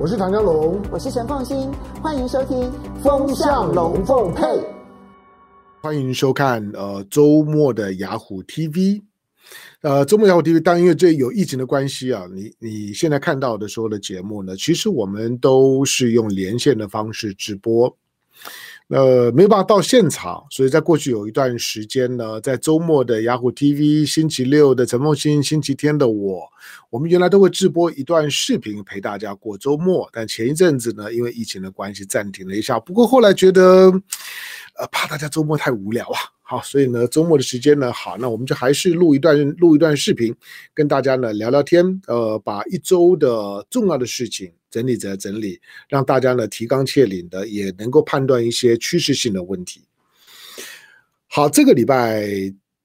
我是唐湘龍，我是陳鳳馨，歡迎收聽《風向龍鳳配》，歡迎收看呃，周末的雅虎 TV，呃，周末雅虎 TV，當因為這有疫情的關係啊，你你現在看到的所有的節目呢，其實我們都是用連線的方式直播。呃，沒辦法到現場，所以在過去有一段時間呢，在周末的雅虎 TV、星期六的陳鳳馨，星期天的我，我們原來都會直播一段視頻陪大家過周末。但前一陣子呢，因為疫情的關係暫停了一下。不過後來覺得，呃，怕大家周末太無聊啊。好，所以呢，週末的時間呢，好，那我們就還是錄一段，錄一段視頻，跟大家呢聊聊天，呃，把一周的重要的事情整理着整理，讓大家呢提綱挈領的，也能夠判斷一些趨勢性的問題。好，這個禮拜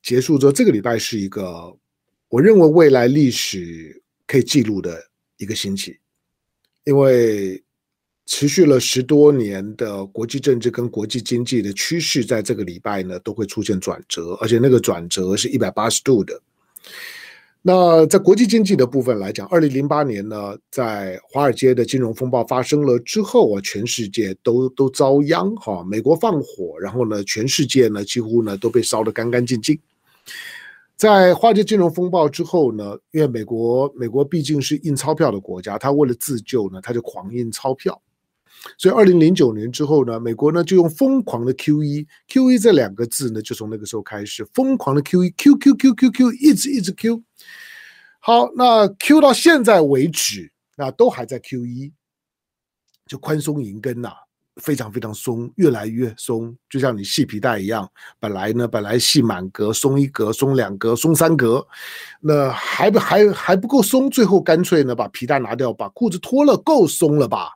結束之後，這個禮拜是一個，我認為未來歷史可以記錄的一個星期，因為。持續了十多年的國際政治跟國際經濟的趨勢，在這個禮拜呢，都會出現轉折，而且那個轉折是一百八十度的。那在國際經濟的部分來講，二零零八年呢，在華爾街的金融風暴發生了之後，啊，全世界都都遭殃哈，美國放火，然後呢，全世界呢幾乎呢都被燒得乾乾淨淨。在華爾街金融風暴之後呢，因為美國美國畢竟是印鈔票的國家，他為了自救呢，他就狂印鈔票。所以，二零零九年之後呢，美國呢就用瘋狂的 QE QE 這兩個字呢，就從那個時候開始瘋狂的 QE Q Q Q Q Q 一直一直 Q。好，那 Q 到現在為止，那都還在 QE 就寬鬆銀根吶、啊，非常非常鬆，越來越鬆，就像你繫皮帶一樣，本來呢本來繫滿格，鬆一格，鬆兩格，鬆三格，那還不還還不夠鬆，最後乾脆呢把皮帶拿掉，把褲子脫了，夠鬆了吧？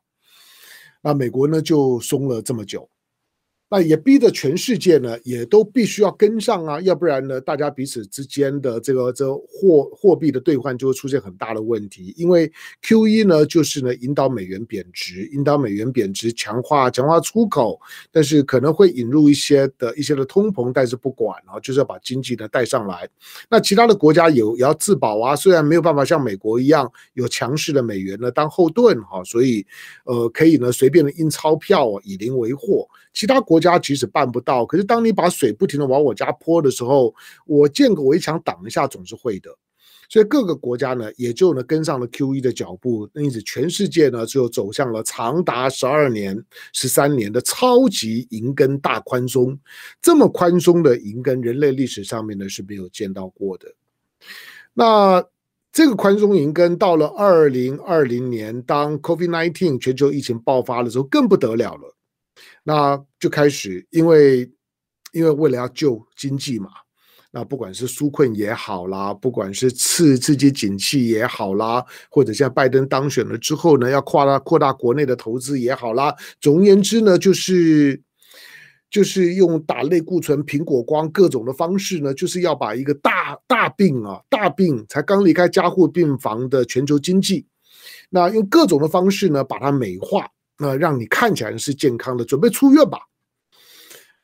那、啊、美國呢，就鬆了這麼久。那也逼得全世界呢，也都必須要跟上啊，要不然呢，大家彼此之間的這個這貨貨幣的兌換就會出現很大的問題。因為 QE 呢，就是呢引導美元貶值，引導美元貶值，強化強化出口，但是可能會引入一些的一些的通膨，但是不管，啊，就是要把經濟呢帶上來。那其他的國家有也要自保啊，雖然沒有辦法像美國一樣有強勢的美元呢當後盾哈、啊，所以，呃，可以呢隨便的印鈔票啊，以零為貨，其他國。國家即使辦不到，可是當你把水不停的往我家潑的時候，我建個圍牆擋一下總是會的。所以各個國家呢，也就呢跟上了 QE 的腳步，因此全世界呢就走向了長達十二年、十三年的超級銀根大寬鬆。這麼寬鬆的銀根，人類歷史上面呢是沒有見到過的。那這個寬鬆銀根到了二零二零年，當 COVID-19 全球疫情爆發的時候，更不得了了。那就開始，因為因為為了要救經濟嘛，那不管是紓困也好啦，不管是刺刺激景氣也好啦，或者像拜登當選了之後呢，要擴大擴大國內的投資也好啦，總而言之呢，就是就是用打類固醇、蘋果光各種的方式呢，就是要把一個大大病啊大病才剛離開加護病房的全球經濟，那用各種的方式呢，把它美化。那、呃、讓你看起來是健康的，準備出院吧。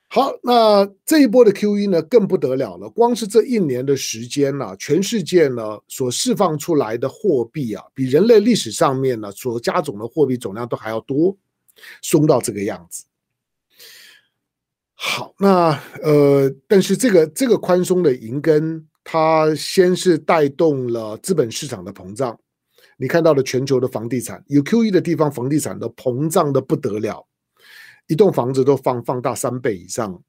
好，那這一波的 QE 呢，更不得了了。光是這一年的時間呢、啊，全世界呢所釋放出來的貨幣啊，比人類歷史上面呢所加總的貨幣總量都還要多，鬆到這個樣子。好，那呃，但是這個這個寬鬆的銀根，它先是帶動了資本市場的膨脹。你看到了全球的房地產，有 Q.E. 的地方，房地產都膨脹的不得了，一棟房子都放放大三倍以上。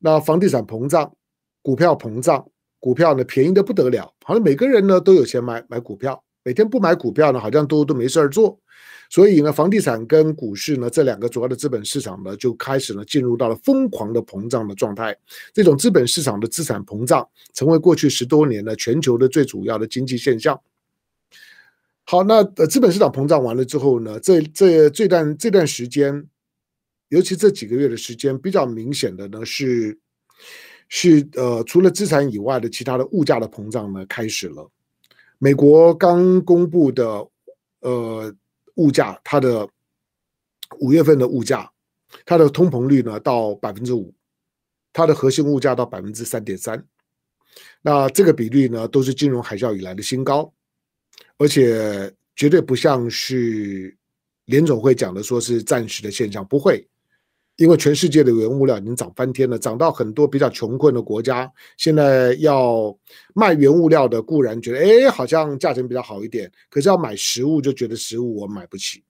那房地產膨脹，股票膨脹，股票呢便宜的不得了，好像每個人呢都有錢買買股票，每天不買股票呢好像都都沒事兒做。所以呢，房地產跟股市呢這兩個主要的資本市場呢就開始了，進入到了瘋狂的膨脹的狀態。這種資本市場的資產膨脹，成為過去十多年的全球的最主要的經濟現象。好，那呃，資本市場膨脹完了之後呢，這這這段這段時間，尤其這幾個月的時間，比較明顯的呢是，是呃，除了資產以外的其他的物價的膨脹呢開始了。美國剛公布的呃物價，它的五月份的物價，它的通膨率呢到百分之五，它的核心物價到百分之三點三，那這個比率呢都是金融海嘯以來的新高。而且絕對不像是聯準會講的說是暫時的現象。不會，因為全世界的原物料已經漲翻天了，漲到很多比較窮困的國家，現在要賣原物料的固然覺得，哎，好像價錢比較好一點，可是要買食物就覺得食物我買不起。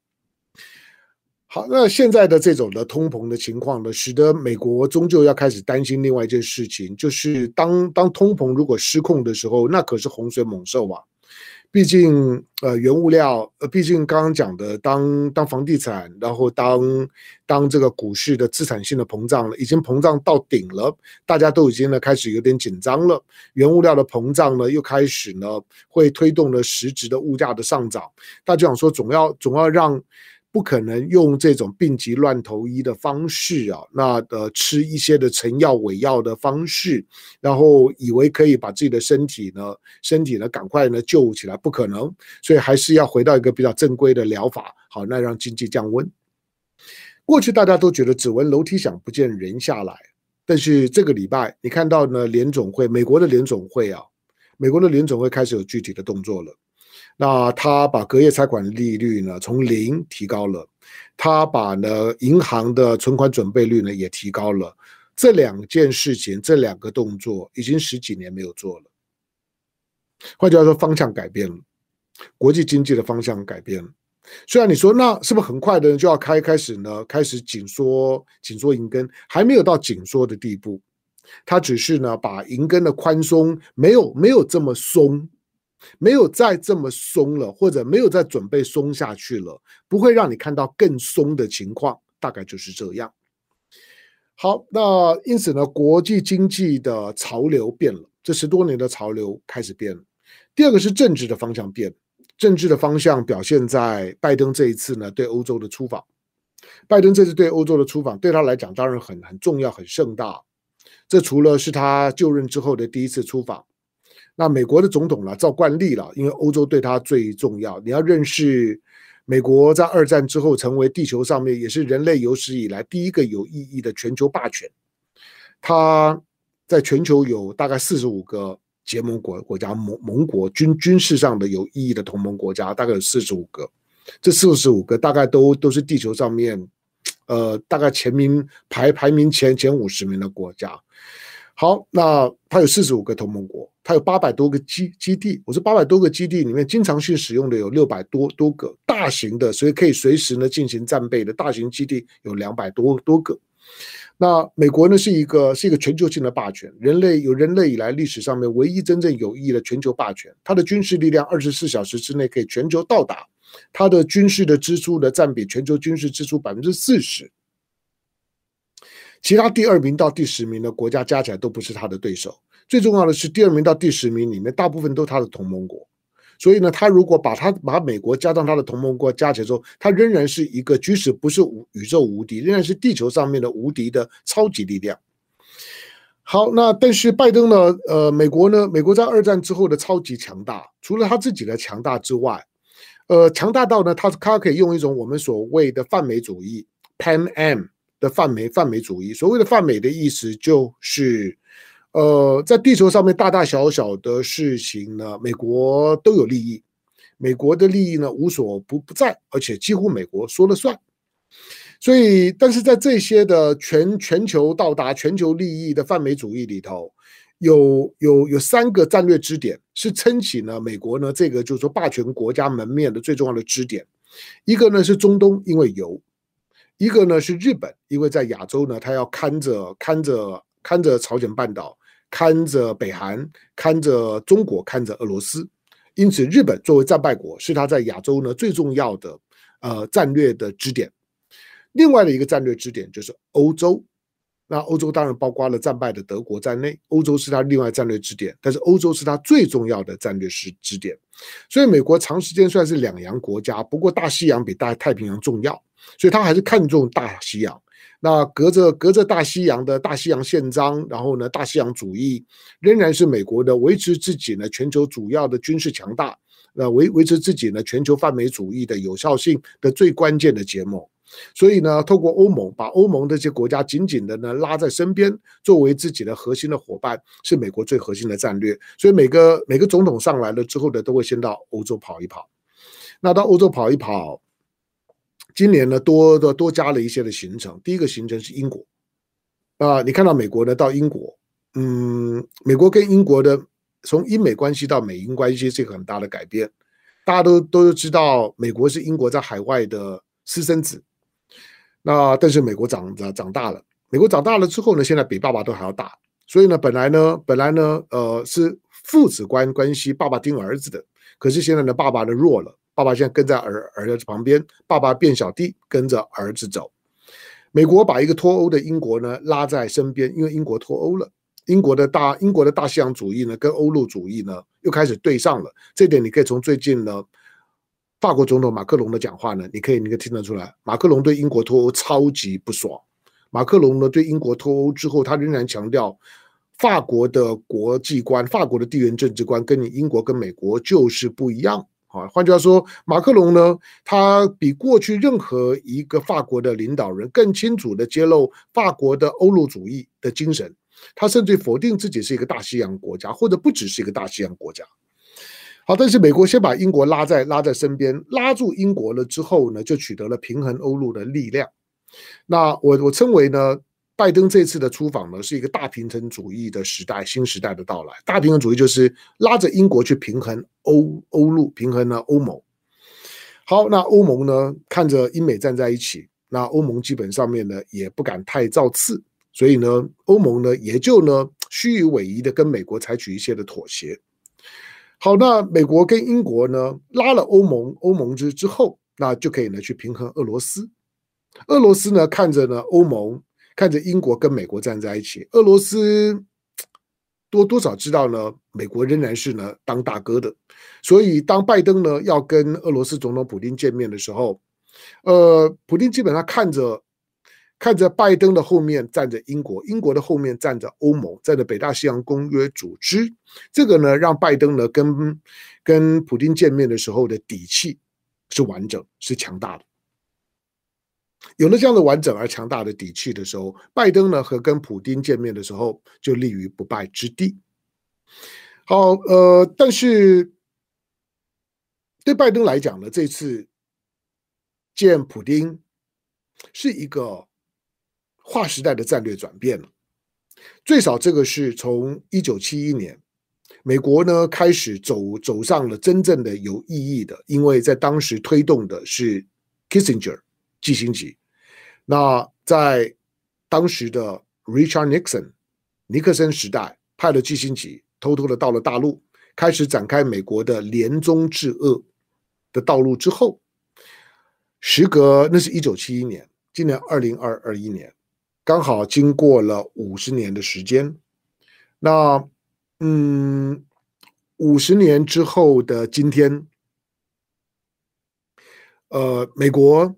好，那現在的這種的通膨的情況呢，使得美國終究要開始擔心另外一件事情，就是當當通膨如果失控的時候，那可是洪水猛獸啊。畢竟，呃，原物料，呃，畢竟剛剛講的當，當當房地產，然後當當這個股市的資產性的膨脹了，已經膨脹到頂了，大家都已經呢開始有點緊張了。原物料的膨脹呢，又開始呢會推動了實質的物價的上漲。大家想說總，總要總要讓。不可能用這種病急亂投醫的方式啊，那呃吃一些的成藥偽藥的方式，然後以為可以把自己的身體呢，身體呢趕快呢救起來，不可能，所以還是要回到一個比較正規的療法。好，那讓經濟降溫。過去大家都覺得只聞樓梯響，不見人下來，但是這個禮拜你看到呢，聯準會，美國的聯準會啊，美國的聯準會開始有具體的動作了。那他把隔夜拆款利率呢從零提高了，他把呢銀行的存款準備率呢也提高了，這兩件事情，這兩個動作已經十幾年沒有做了。換句話說，方向改變了，國際經濟的方向改變了。雖然你說那是不是很快的就要開開始呢？開始緊縮，緊縮銀根還沒有到緊縮的地步，他只是呢把銀根的寬鬆沒有沒有這麼鬆。沒有再這麼鬆了，或者沒有再準備鬆下去了，不會讓你看到更鬆的情況，大概就是這樣。好，那因此呢，國際經濟的潮流變了，這十多年的潮流開始變了。第二個是政治的方向變，政治的方向表現在拜登這一次呢，對歐洲的出訪。拜登這次對歐洲的出訪，對他來講當然很很重要、很盛大，這除了是他就任之後的第一次出訪。那美國的總統了，啊，照慣例了，啊，因為歐洲對他最重要。你要認識美國在二戰之後成為地球上面也是人類有史以來第一個有意義的全球霸權。他在全球有大概四十五個結盟國國家盟盟國，軍軍事上的有意義的同盟國家大概有四十五個。這四十五個大概都都是地球上面，呃，大概前名排排名前前五十名的國家。好，那它有四十五個同盟國，它有八百多個基基地。我說八百多個基地裡面，經常性使用的有六百多多個大型的，所以可以隨時呢進行戰備的大型基地有兩百多多個。那美國呢是一個是一個全球性的霸權，人類有人類以來歷史上面唯一真正有意義的全球霸權。它的軍事力量二十四小時之內可以全球到達，它的軍事的支出呢占比全球軍事支出百分之四十。其他第二名到第十名的國家加起來都不是他的對手。最重要的是，第二名到第十名裡面大部分都是他的同盟國，所以呢，他如果把他把美國加上他的同盟國加起來之後，他仍然是一個即使不是宇宙無敵，仍然是地球上面的無敵的超級力量。好，那但是拜登呢？呃，美國呢？美國在二戰之後的超級強大，除了他自己的強大之外，呃，強大到呢，他他可以用一種我們所謂的泛美主義 （Pan Am 的泛美泛美主義，所謂的泛美的意思就是，呃，在地球上面大大小小的事情呢，美國都有利益，美國的利益呢無所不不在，而且幾乎美國說了算。所以，但是在這些的全全球到達全球利益的泛美主義裡頭，有有有三個戰略支點是撐起了美國呢這個就是說霸權國家門面的最重要的支點，一個呢是中東，因為油。一個呢是日本，因為在亞洲呢，他要看着看着看着朝鮮半島，看着北韓，看着中國，看着俄羅斯，因此日本作為戰敗國，是他在亞洲呢最重要的呃戰略的支點。另外的一個戰略支點就是歐洲，那歐洲當然包括了戰敗的德國在內，歐洲是他另外的戰略支點，但是歐洲是他最重要的戰略是支點。所以美國長時間算是兩洋國家，不過大西洋比大太平洋重要。所以，他還是看重大西洋。那隔着隔着大西洋的大西洋憲章，然後呢，大西洋主義仍然是美國的維持自己呢全球主要的軍事強大，那維維持自己呢全球泛美主義的有效性的最關鍵的結盟。所以呢，透過歐盟，把歐盟的這些國家緊緊的呢拉在身邊，作為自己的核心的夥伴，是美國最核心的戰略。所以每個每個總統上來了之後呢，都會先到歐洲跑一跑。那到歐洲跑一跑。今年呢，多多多加了一些的行程。第一個行程是英國，啊、呃，你看到美國呢到英國，嗯，美國跟英國的從英美關係到美英關係是一個很大的改變。大家都都知道，美國是英國在海外的私生子，那但是美國長的長大了，美國長大了之後呢，現在比爸爸都還要大，所以呢，本來呢，本來呢，呃，是父子關關係，爸爸聽兒子的，可是現在呢，爸爸呢弱了。爸爸現在跟在兒兒子旁邊，爸爸變小弟跟着兒子走。美國把一個脫歐的英國呢拉在身邊，因為英國脫歐了，英國的大英國的大西洋主義呢跟歐陸主義呢又開始對上了。這點你可以從最近的法國總統馬克龍的講話呢，你可以你可以聽得出來，馬克龍對英國脫歐超級不爽。馬克龍呢對英國脫歐之後，他仍然強調法國的國際觀、法國的地緣政治觀跟你英國跟美國就是不一樣。啊，換句話說，馬克龍呢，他比過去任何一個法國的領導人更清楚的揭露法國的歐陸主義的精神，他甚至否定自己是一個大西洋國家，或者不只是一個大西洋國家。好，但是美國先把英國拉在，拉在身邊，拉住英國了之後呢，就取得了平衡歐陸的力量。那我我稱為呢，拜登這次的出訪呢，是一個大平衡主義的時代，新時代的到來。大平衡主義就是拉着英國去平衡歐歐，歐陸，平衡呢歐盟。好，那歐盟呢，看着英美站在一起，那歐盟基本上面呢也不敢太造次，所以呢，歐盟呢也就呢虛與委蛇的跟美國採取一些的妥協。好，那美國跟英國呢拉了歐盟，歐盟之之後，那就可以呢去平衡俄羅斯。俄羅斯呢看着呢歐盟。看着英國跟美國站在一起，俄羅斯多多少知道呢，美國仍然是呢當大哥的，所以當拜登呢要跟俄羅斯總統普丁見面的時候，呃，普丁基本上看着看着拜登的後面站着英國，英國的後面站着歐盟，站着北大西洋公約組織，這個呢讓拜登呢跟跟普丁見面的時候的底氣是完整，是強大的。有了這樣的完整而強大的底氣的時候，拜登呢和跟普丁見面的時候就立於不敗之地。好，呃，但是對拜登來講呢，這次見普丁是一個劃時代的戰略轉變了。最少這個是從一九七一年，美國呢開始走走上了真正的有意義的，因為在當時推動的是 Kissinger。季辛吉，那在當時的 Richard Nixon 尼克森時代派了季辛吉偷偷的到了大陸，開始展開美國的聯中制俄的道路之後，時隔那是一九七一年，今年二零二一年，剛好經過了五十年的時間。那嗯，五十年之後的今天，呃，美國。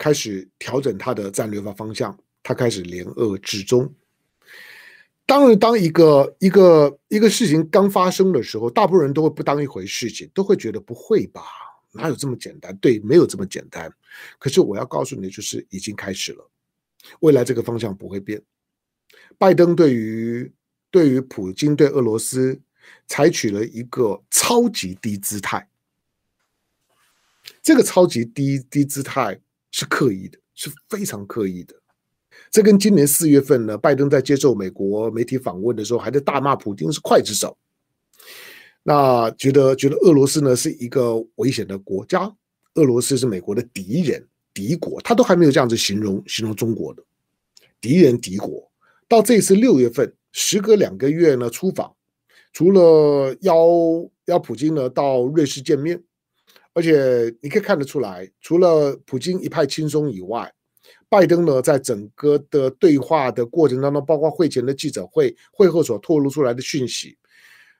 開始調整他的戰略方方向，他開始聯俄制中。當然，當一個一個一個事情剛發生的時候，大部分人都會不當一回事情，情都會覺得不會吧，哪有這麼簡單？對，沒有這麼簡單。可是我要告訴你，就是已經開始了，未來這個方向不會變。拜登對於對於普京對俄羅斯採取了一個超級低姿態，這個超級低低姿態。是刻意的，是非常刻意的。這跟今年四月份呢，拜登在接受美國媒體訪問的時候，還在大罵普丁是劊子手，那覺得覺得俄羅斯呢是一個危險的國家，俄羅斯是美國的敵人、敵國，他都還沒有這樣子形容形容中國的敵人、敵國。到這次六月份，時隔兩個月呢出訪，除了邀邀普丁呢到瑞士見面。而且你可以看得出來，除了普京一派輕鬆以外，拜登呢，在整個的對話的過程當中，包括會前的記者會、會後所透露出來的訊息，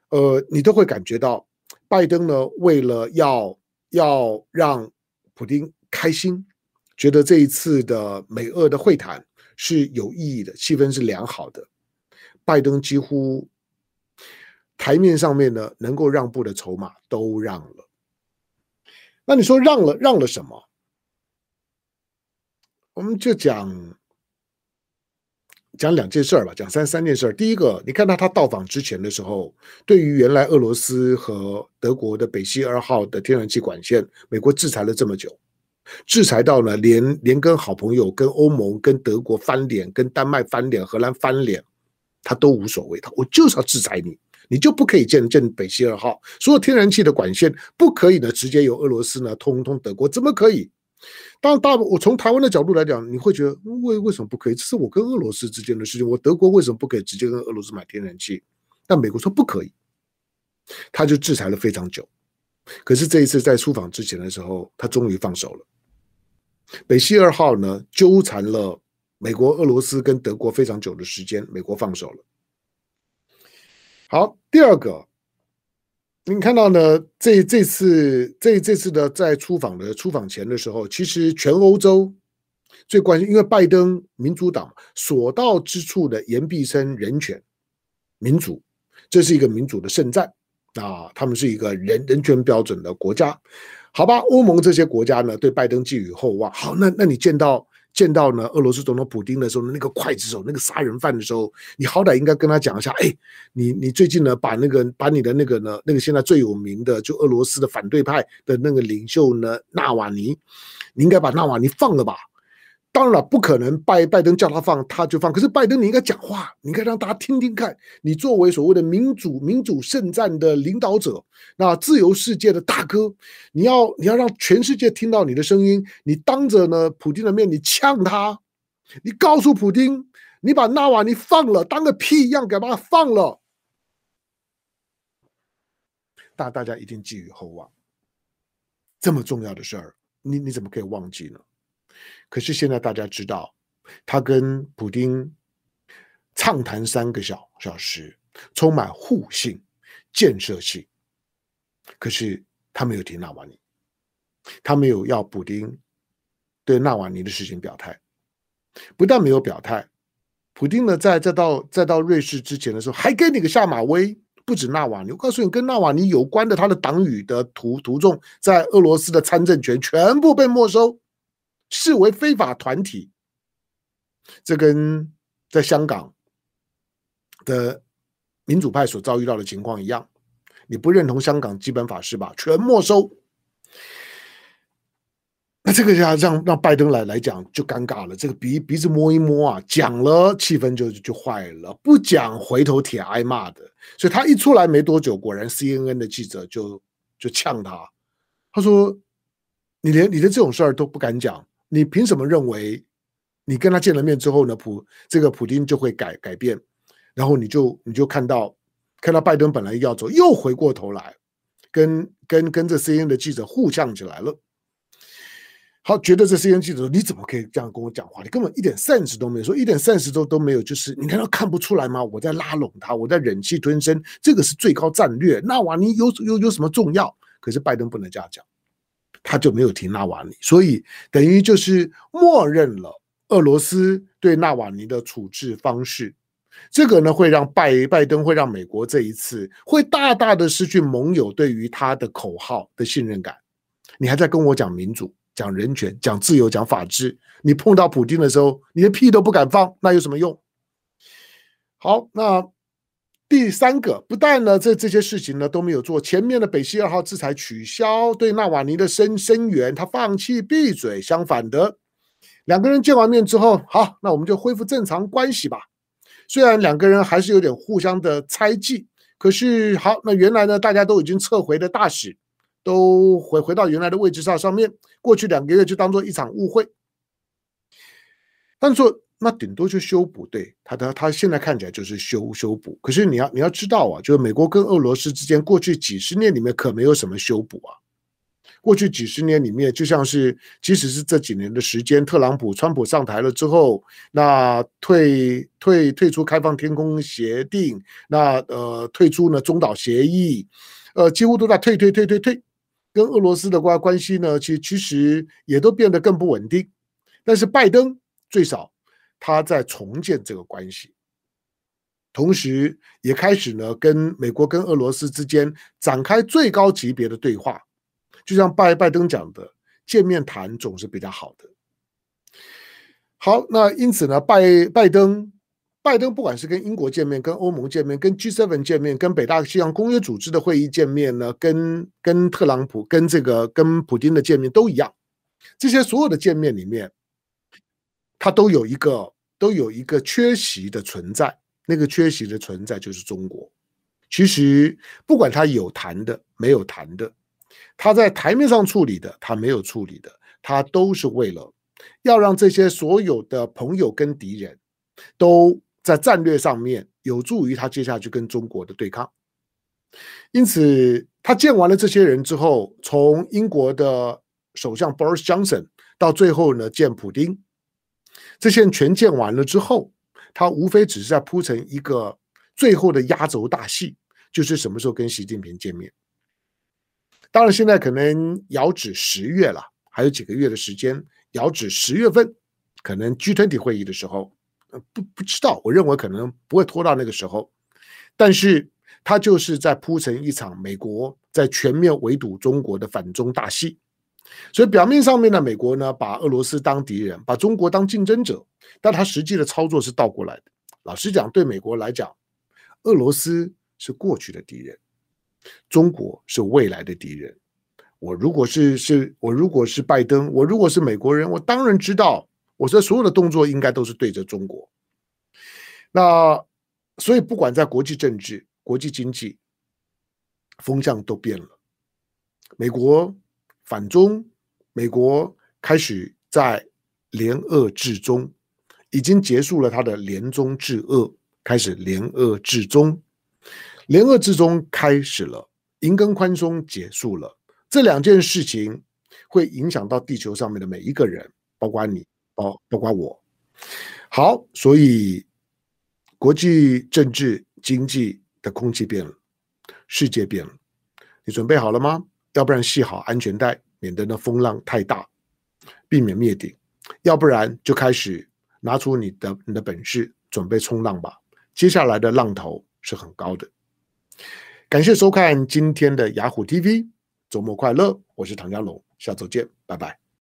呃，你都會感覺到，拜登呢，為了要要讓普丁開心，覺得這一次的美俄的會談是有意義的，氣氛是良好的，拜登幾乎台面上面呢，能夠讓步的籌碼都讓了。那你說讓了讓了什麼？我們就講講兩件事兒吧，講三三件事兒。第一個，你看到他到訪之前的時候，對於原來俄羅斯和德國的北溪二號的天然氣管線，美國制裁了這麼久，制裁到了連連跟好朋友、跟歐盟、跟德國翻臉、跟丹麥翻臉、荷蘭翻臉，他都無所謂，他我就是要制裁你。你就不可以建建北溪二號，所有天然氣的管線不可以呢，直接由俄羅斯呢通通德國怎麼可以？當大部分我從台灣的角度來講，你會覺得為為什麼不可以？這是我跟俄羅斯之間的事情，我德國為什麼不可以直接跟俄羅斯買天然氣？但美國說不可以，他就制裁了非常久。可是這一次在出訪之前的時候，他終於放手了。北溪二號呢糾纏了美國、俄羅斯跟德國非常久的時間，美國放手了。好，第二個，您看到呢？這這次這這次的在出訪的出訪前的時候，其實全歐洲最關心，因為拜登民主黨所到之處的言必稱人權、民主，這是一個民主的聖戰啊、呃，他們是一個人人權標準的國家，好吧？歐盟這些國家呢，對拜登寄予厚望。好，那那你見到？見到呢，俄羅斯總統普丁的時候，那個劊子手、那個殺人犯的時候，你好歹應該跟他講一下，哎、欸，你你最近呢，把那個把你的那個呢，那個現在最有名的，就俄羅斯的反對派的那個領袖呢，納瓦尼，你應該把納瓦尼放了吧？當然了，不可能拜拜登叫他放他就放。可是拜登，你應該講話，你應該讓大家聽聽看。你作為所謂的民主、民主聖戰的領導者，那自由世界的大哥，你要你要讓全世界聽到你的聲音。你當着呢普丁的面，你嗆他，你告訴普丁，你把納瓦尼放了，當個屁一樣，給他放了。大大家一定寄予厚望，這麼重要的事兒，你你怎麼可以忘記呢？可是現在大家知道，他跟普丁暢談三個小小時，充滿互信、建設性。可是他沒有提納瓦尼，他沒有要普丁對納瓦尼的事情表態。不但沒有表態，普丁呢，在再到再到瑞士之前的時候，還給你個下馬威。不止納瓦尼，我告訴你，跟納瓦尼有關的他的黨羽的徒徒眾，在俄羅斯的參政權全部被沒收。視為非法團體，這跟在香港的民主派所遭遇到的情況一樣。你不認同香港基本法是吧？全沒收。那這個讓讓讓拜登來來講就尷尬了。這個鼻鼻子摸一摸啊，講了氣氛就就壞了；不講，回頭鐵挨罵的。所以他一出來沒多久，果然 CNN 的記者就就嗆他，他說：“你連你的這種事兒都不敢講。”你憑什麼認為，你跟他見了面之後呢？普這個普丁就會改改變，然後你就你就看到看到拜登本來要走，又回過頭來跟跟跟這 CNN 的記者互嗆起來了。好，覺得這 CNN 記者說，你怎麼可以這樣跟我講話？你根本一點 sense 都沒有，說一點 sense 都都沒有，就是你難道看不出來嗎？我在拉攏他，我在忍氣吞聲，這個是最高戰略。那納瓦尼有有有，有什麼重要？可是拜登不能這樣講。他就沒有提納瓦尼，所以等於就是默認了俄羅斯對納瓦尼的處置方式。這個呢會讓拜拜登會讓美國這一次會大大的失去盟友對於他的口號的信任感。你還在跟我講民主、講人權、講自由、講法治，你碰到普丁的時候，你的屁都不敢放，那有什麼用？好，那。第三個不但呢，這這些事情呢都沒有做，前面的北溪二號制裁取消，對納瓦尼的聲聲援，他放棄閉嘴，相反的，兩個人見完面之後，好，那我們就恢復正常關係吧。雖然兩個人還是有點互相的猜忌，可是好，那原來呢，大家都已經撤回的大使，都回回到原來的位置上上面，過去兩個月就當做一場誤會，但是。那頂多就修補，對，他的他現在看起來就是修修補。可是你要你要知道啊，就是美國跟俄羅斯之間過去幾十年裡面可沒有什麼修補啊。過去幾十年裡面，就像是即使是這幾年的時間，特朗普川普上台了之後，那退退退出開放天空協定，那呃退出呢中導協議，呃幾乎都在退退退退退，跟俄羅斯的關關係呢，其實其實也都變得更不穩定。但是拜登最少。他在重建這個關係，同時也開始呢跟美國、跟俄羅斯之間展開最高級別的對話，就像拜拜登講的，見面談總是比較好的。好，那因此呢，拜拜登，拜登不管是跟英國見面、跟歐盟見面、跟 G7 見面、跟北大西洋公約組織的會議見面呢，跟跟特朗普、跟這個跟普丁的見面都一樣，這些所有的見面裡面。他都有一個都有一個缺席的存在，那個缺席的存在就是中國。其實不管他有談的沒有談的，他在台面上處理的，他沒有處理的，他都是為了要讓這些所有的朋友跟敵人都在戰略上面有助於他接下去跟中國的對抗。因此，他見完了這些人之後，從英國的首相 Boris Johnson 到最後呢見普丁。這些人全建完了之後，他無非只是在鋪成一個最後的壓軸大戲，就是什麼時候跟習近平見面。當然，現在可能遙指十月了，還有幾個月的時間，遙指十月份，可能 G20 會議的時候，不不知道，我認為可能不會拖到那個時候，但是他就是在鋪成一場美國在全面圍堵中國的反中大戲。所以表面上面呢，美國呢把俄羅斯當敵人，把中國當競爭者，但他實際的操作是倒過來的。老實講，對美國來講，俄羅斯是過去的敵人，中國是未來的敵人。我如果是是，我如果是拜登，我如果是美國人，我當然知道，我這所有的動作應該都是對着中國。那所以不管在國際政治、國際經濟，風向都變了，美國。反中，美國開始在聯俄制中，已經結束了它的聯中制俄，開始聯俄制中，聯俄制中開始了，銀根寬鬆結束了，這兩件事情會影響到地球上面的每一個人，包括你，包、哦、包括我。好，所以國際政治經濟的空氣變了，世界變了，你準備好了嗎？要不然繫好安全帶，免得那風浪太大，避免滅頂；要不然就開始拿出你的你的本事，準備衝浪吧。接下來的浪頭是很高的。感謝收看今天的雅虎 TV，週末快樂！我是唐湘龍，下週見，拜拜。